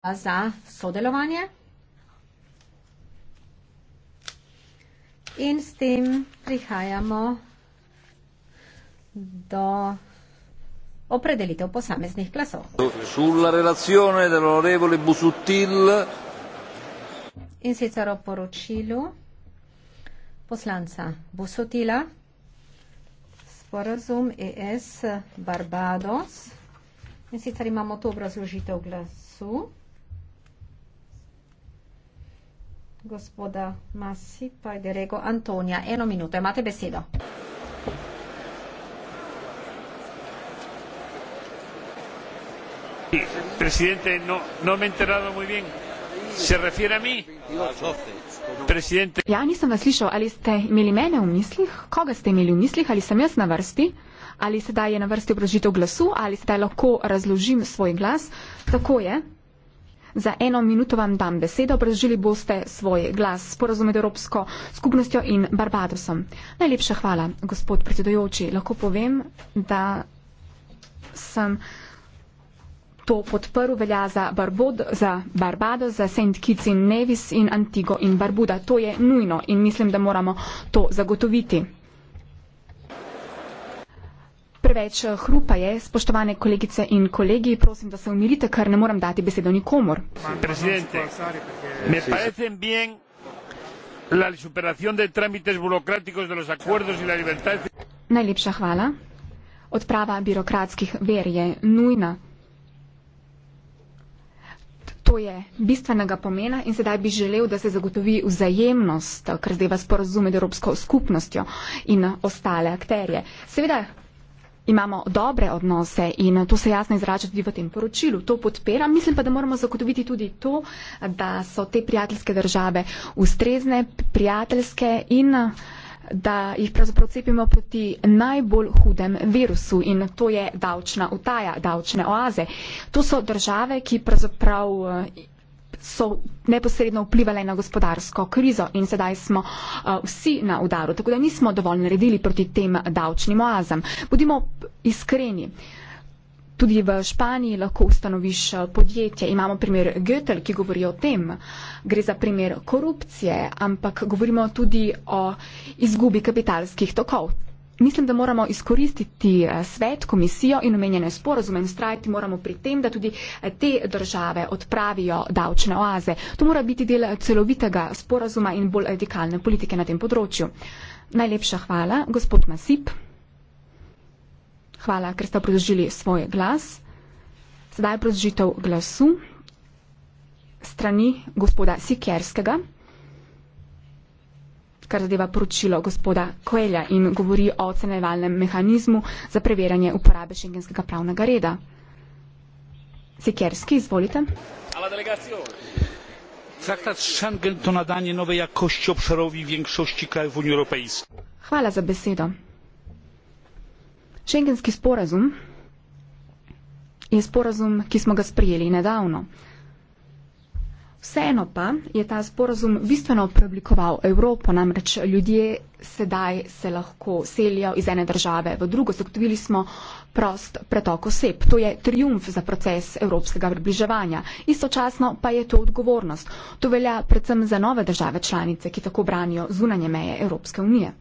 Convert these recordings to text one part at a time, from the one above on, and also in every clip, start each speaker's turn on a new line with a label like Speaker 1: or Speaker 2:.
Speaker 1: za sodelovanje. In s tem prihajamo do opredelitev posameznih glasov. In sicer o poročilu poslanca Busutila sporazum ES Barbados. In sicer imamo to obrazložitev glasu. gospoda Massi, pa je rekel Antonija. Eno minuto, imate besedo. Presidente, no, no me enterado muy bien. Se refiere a mí. Presidente.
Speaker 2: Ja, nisem vas slišal. Ali ste imeli mene v mislih? Koga ste imeli v mislih? Ali sem jaz na vrsti? Ali sedaj je na vrsti obrožitev glasu? Ali sedaj lahko razložim svoj glas? Tako je. Za eno minuto vam dam besedo, obrazžili boste svoj glas s porazumed Evropsko skupnostjo in Barbadosom. Najlepša hvala, gospod predsedujoči. Lahko povem, da sem to podprl velja za, Barbod, za Barbado, za St. Kitts in Nevis in Antigo in Barbuda. To je nujno in mislim, da moramo to zagotoviti preveč eh, hrupa je, spoštovane kolegice in kolegi, prosim, da se umirite, ker ne moram dati besedo nikomor. Najlepša hvala. Odprava birokratskih ver je nujna. To je bistvenega pomena in sedaj bi želel, da se zagotovi vzajemnost, ker zdaj vas porazume med Evropsko skupnostjo in ostale akterje. Seveda, imamo dobre odnose in to se jasno izraža tudi v tem poročilu. To podpiram, mislim pa, da moramo zagotoviti tudi to, da so te prijateljske države ustrezne, prijateljske in da jih pravzaprav cepimo proti najbolj hudem virusu in to je davčna utaja, davčne oaze. To so države, ki pravzaprav so neposredno vplivale na gospodarsko krizo in sedaj smo eh, vsi na udaru. Tako da nismo dovolj naredili proti tem davčnim oazam. Budimo iskreni. Tudi v Španiji lahko ustanoviš eh, podjetje. Imamo primer Götel, ki govori o tem. Gre za primer korupcije, ampak govorimo tudi o izgubi kapitalskih tokov mislim, da moramo izkoristiti eh, svet, komisijo in omenjene sporozume in strajati moramo pri tem, da tudi eh, te države odpravijo davčne oaze. To mora biti del eh, celovitega sporozuma in bolj radikalne politike na tem področju. Najlepša hvala, gospod Masip. Hvala, ker ste predložili svoj glas. Sedaj je predložitev glasu strani gospoda Sikerskega kar zadeva poročilo gospoda Koelja in govori o ocenevalnem mehanizmu za preverjanje uporabe šengenskega pravnega reda. Sikerski, izvolite.
Speaker 1: Traktat Schengen to nadanje nove jakosti obšarovi większości krajev Unije Europejske.
Speaker 2: Hvala za besedo. Šengenski sporazum je sporazum, ki smo ga sprijeli nedavno. Vseeno pa je ta sporazum bistveno preoblikoval Evropo, namreč ljudje sedaj se lahko selijo iz ene države v drugo. Zagotovili smo prost pretok oseb. To je triumf za proces evropskega približevanja. Istočasno pa je to odgovornost. To velja predvsem za nove države članice, ki tako branijo zunanje meje Evropske unije.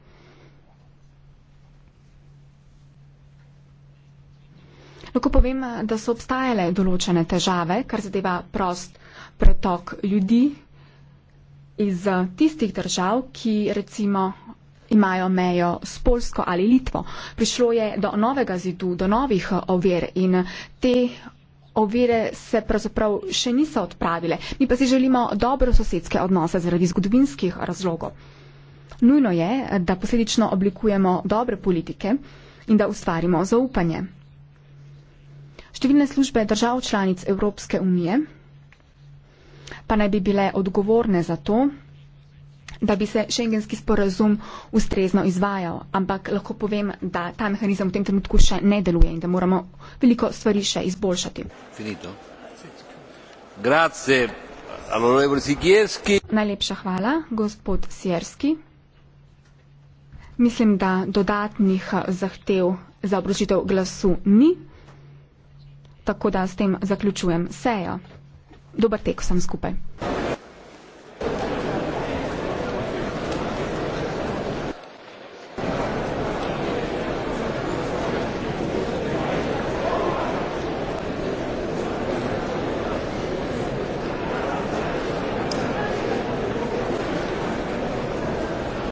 Speaker 2: Lahko povem, da so obstajale določene težave, kar zadeva prost pretok pretok ljudi iz eh, tistih držav, ki recimo imajo mejo s Polsko ali Litvo. Prišlo je do novega zidu, do novih eh, ovir in te ovire se pravzaprav še niso odpravile. Mi pa si želimo dobro sosedske odnose zaradi zgodovinskih razlogov. Nujno je, eh, da posledično oblikujemo dobre politike in da ustvarimo zaupanje. Številne službe držav članic Evropske unije pa naj bi bile odgovorne za to, da bi se šengenski sporazum ustrezno izvajal. Ampak lahko povem, da ta mehanizem v tem trenutku še ne deluje in da moramo veliko stvari še izboljšati.
Speaker 1: Finito. Grazie, onorevole Sikierski.
Speaker 2: Najlepša hvala, gospod Sierski. Mislim, da dodatnih eh, zahtev za obrožitev glasu ni, tako da s tem zaključujem sejo dober tek vsem skupaj.